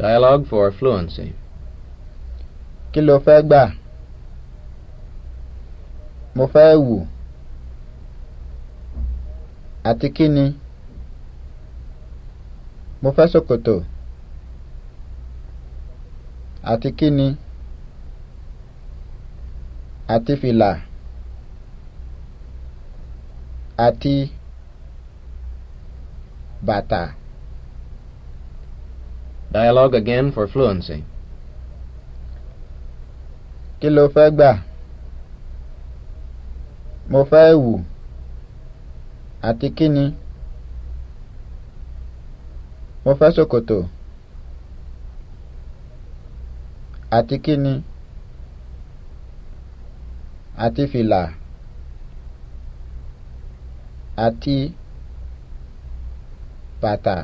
Dialogue for fluency. Kí ló fẹ́ gbà? Mo fẹ́ wù. Àti kí ni? Mo fẹ́ ṣòkòtò. Àti kí ni? Àti fìlà. Àti bàtà. Dialogue again for fluency. Kí ló fẹ́ gbà? Mo fẹ́ wù. Àti kí ni? Mo fẹ́ ṣòkòtò. Àti kí ni? Àti fìlà. Àti bàtà.